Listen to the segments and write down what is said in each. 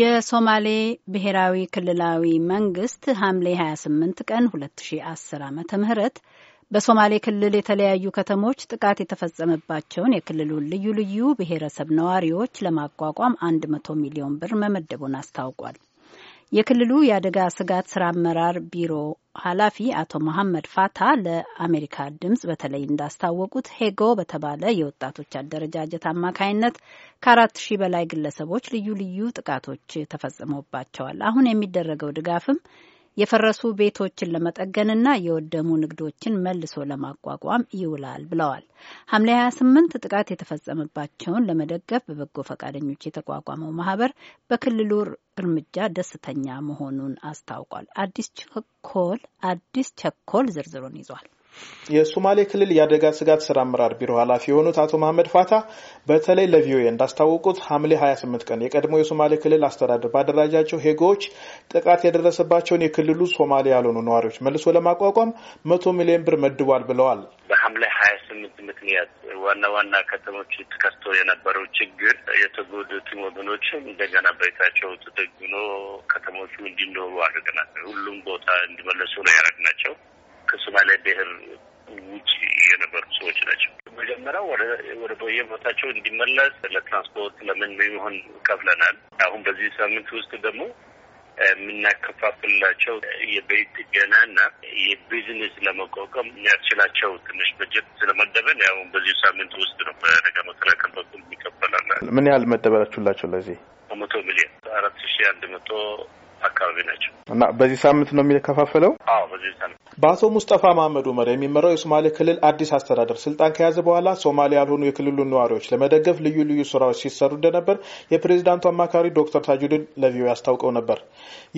የሶማሌ ብሔራዊ ክልላዊ መንግስት ሐምሌ 28 ቀን 2010 ዓ ም በሶማሌ ክልል የተለያዩ ከተሞች ጥቃት የተፈጸመባቸውን የክልሉን ልዩ ልዩ ብሔረሰብ ነዋሪዎች ለማቋቋም 100 ሚሊዮን ብር መመደቡን አስታውቋል። የክልሉ የአደጋ ስጋት ስራ አመራር ቢሮ ኃላፊ አቶ መሐመድ ፋታ ለአሜሪካ ድምፅ በተለይ እንዳስታወቁት ሄጎ በተባለ የወጣቶች አደረጃጀት አማካይነት ከአራት ሺህ በላይ ግለሰቦች ልዩ ልዩ ጥቃቶች ተፈጽመባቸዋል። አሁን የሚደረገው ድጋፍም የፈረሱ ቤቶችን ለመጠገንና የወደሙ ንግዶችን መልሶ ለማቋቋም ይውላል ብለዋል። ሐምሌ 28 ጥቃት የተፈጸመባቸውን ለመደገፍ በበጎ ፈቃደኞች የተቋቋመው ማህበር በክልሉ እርምጃ ደስተኛ መሆኑን አስታውቋል። አዲስ ቸኮል አዲስ ቸኮል ዝርዝሩን ይዟል። የሶማሌ ክልል የአደጋ ስጋት ስራ አመራር ቢሮ ኃላፊ የሆኑት አቶ መሀመድ ፋታ በተለይ ለቪኦኤ እንዳስታወቁት ሐምሌ 28 ቀን የቀድሞ የሶማሌ ክልል አስተዳደር ባደራጃቸው ሄጎዎች ጥቃት የደረሰባቸውን የክልሉ ሶማሌ ያልሆኑ ነዋሪዎች መልሶ ለማቋቋም መቶ ሚሊዮን ብር መድቧል ብለዋል። በሐምሌ 28 ምክንያት ዋና ዋና ከተሞች ተከስቶ የነበረው ችግር የተጎዱትን ወገኖችም እንደገና በቤታቸው ተደግኖ ከተሞቹ እንዲኖሩ አድርገናል። ሁሉም ቦታ እንዲመለሱ ነው ያደረግናቸው። ከሶማሊያ ብሔር ውጭ የነበሩ ሰዎች ናቸው። መጀመሪያ ወደ ቦታቸው እንዲመለስ ለትራንስፖርት ለምን የሚሆን ከፍለናል። አሁን በዚህ ሳምንት ውስጥ ደግሞ የምናከፋፍላቸው የቤት ገናና የቢዝነስ ለመቋቋም የሚያስችላቸው ትንሽ በጀት ስለመደበን ያው በዚህ ሳምንት ውስጥ ነው በደጋ መከላከል በኩል የሚከፈላል። ምን ያህል መደበላችሁላቸው? ለዚህ በመቶ ሚሊዮን አራት ሺ አንድ መቶ አካባቢ ናቸው እና በዚህ ሳምንት ነው የሚከፋፈለው። አዎ በዚህ ሳምንት በአቶ ሙስጠፋ መሀመድ ኡመር የሚመራው የሶማሌ ክልል አዲስ አስተዳደር ስልጣን ከያዘ በኋላ ሶማሌ ያልሆኑ የክልሉን ነዋሪዎች ለመደገፍ ልዩ ልዩ ስራዎች ሲሰሩ እንደነበር የፕሬዚዳንቱ አማካሪ ዶክተር ታጁዲን ለቪኦኤ አስታውቀው ነበር።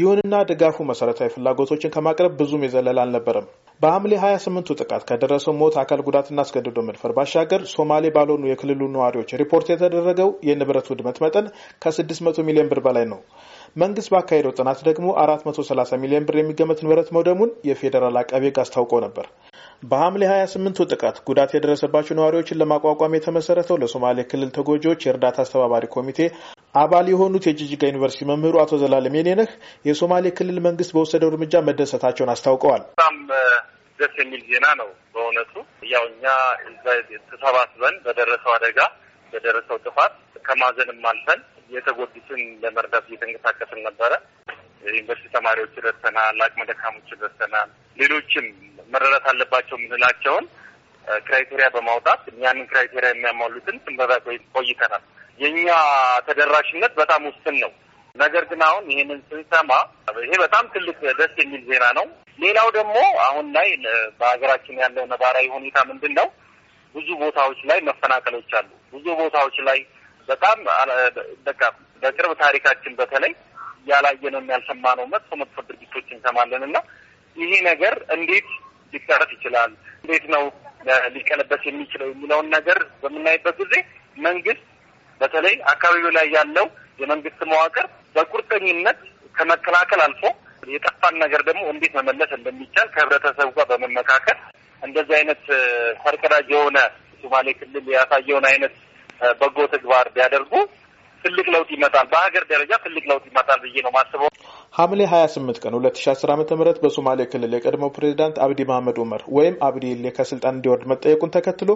ይሁንና ድጋፉ መሰረታዊ ፍላጎቶችን ከማቅረብ ብዙም የዘለል አልነበረም። በሐምሌ 28ቱ ጥቃት ከደረሰው ሞት፣ አካል ጉዳትና አስገድዶ መድፈር ባሻገር ሶማሌ ባልሆኑ የክልሉ ነዋሪዎች ሪፖርት የተደረገው የንብረት ውድመት መጠን ከ600 ሚሊዮን ብር በላይ ነው። መንግስት ባካሄደው ጥናት ደግሞ 430 ሚሊዮን ብር የሚገመት ንብረት መውደሙን የፌዴራል አቃቤ ሕግ አስታውቆ ነበር። በሐምሌ 28ቱ ጥቃት ጉዳት የደረሰባቸው ነዋሪዎችን ለማቋቋም የተመሰረተው ለሶማሌ ክልል ተጎጂዎች የእርዳታ አስተባባሪ ኮሚቴ አባል የሆኑት የጅጅጋ ዩኒቨርሲቲ መምህሩ አቶ ዘላለም የኔነህ የሶማሌ ክልል መንግስት በወሰደው እርምጃ መደሰታቸውን አስታውቀዋል። ደስ የሚል ዜና ነው በእውነቱ። ያው እኛ እዛ ተሰባስበን በደረሰው አደጋ በደረሰው ጥፋት ከማዘንም አልፈን የተጎዱትን ለመርዳት እየተንቀሳቀስን ነበረ። ዩኒቨርሲቲ ተማሪዎች ደርሰናል፣ አቅመ ደካሞች ደርሰናል። ሌሎችም መረዳት አለባቸው የምንላቸውን ክራይቴሪያ በማውጣት ያንን ክራይቴሪያ የሚያሟሉትን ስንበዛ ቆይተናል። የእኛ ተደራሽነት በጣም ውስን ነው። ነገር ግን አሁን ይህንን ስንሰማ ይሄ በጣም ትልቅ ደስ የሚል ዜና ነው። ሌላው ደግሞ አሁን ላይ በሀገራችን ያለው ነባራዊ ሁኔታ ምንድን ነው? ብዙ ቦታዎች ላይ መፈናቀሎች አሉ። ብዙ ቦታዎች ላይ በጣም በቃ በቅርብ ታሪካችን በተለይ ያላየነው ነው መጥፎ መጥፎ ድርጊቶች እንሰማለን እና ይሄ ነገር እንዴት ሊቀረፍ ይችላል፣ እንዴት ነው ሊቀለበስ የሚችለው የሚለውን ነገር በምናይበት ጊዜ መንግስት በተለይ አካባቢው ላይ ያለው የመንግስት መዋቅር በቁርጠኝነት ከመከላከል አልፎ የጠፋን ነገር ደግሞ እንዴት መመለስ እንደሚቻል ከህብረተሰቡ ጋር በመመካከል እንደዚህ አይነት ፈርቀዳጅ የሆነ ሶማሌ ክልል ያሳየውን አይነት በጎ ተግባር ቢያደርጉ ትልቅ ለውጥ ይመጣል። በሀገር ደረጃ ትልቅ ለውጥ ይመጣል ብዬ ነው ማስበው። ሐምሌ 28 ቀን 2010 ዓ ም በሶማሌ ክልል የቀድሞው ፕሬዚዳንት አብዲ መሐመድ ኡመር ወይም አብዲ ኢሌ ከስልጣን እንዲወርድ መጠየቁን ተከትሎ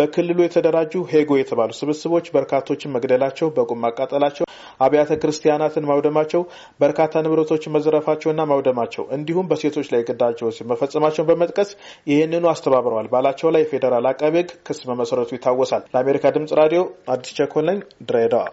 በክልሉ የተደራጁ ሄጎ የተባሉ ስብስቦች በርካቶችን መግደላቸው፣ በቁም ማቃጠላቸው አብያተ ክርስቲያናትን ማውደማቸው፣ በርካታ ንብረቶች መዘረፋቸውና ማውደማቸው እንዲሁም በሴቶች ላይ ግዳጅ መፈጸማቸውን በመጥቀስ ይህንኑ አስተባብረዋል ባላቸው ላይ ፌዴራል አቃቤ ሕግ ክስ በመሰረቱ ይታወሳል። ለአሜሪካ ድምጽ ራዲዮ አዲስ ቸኮለኝ ድሬዳዋ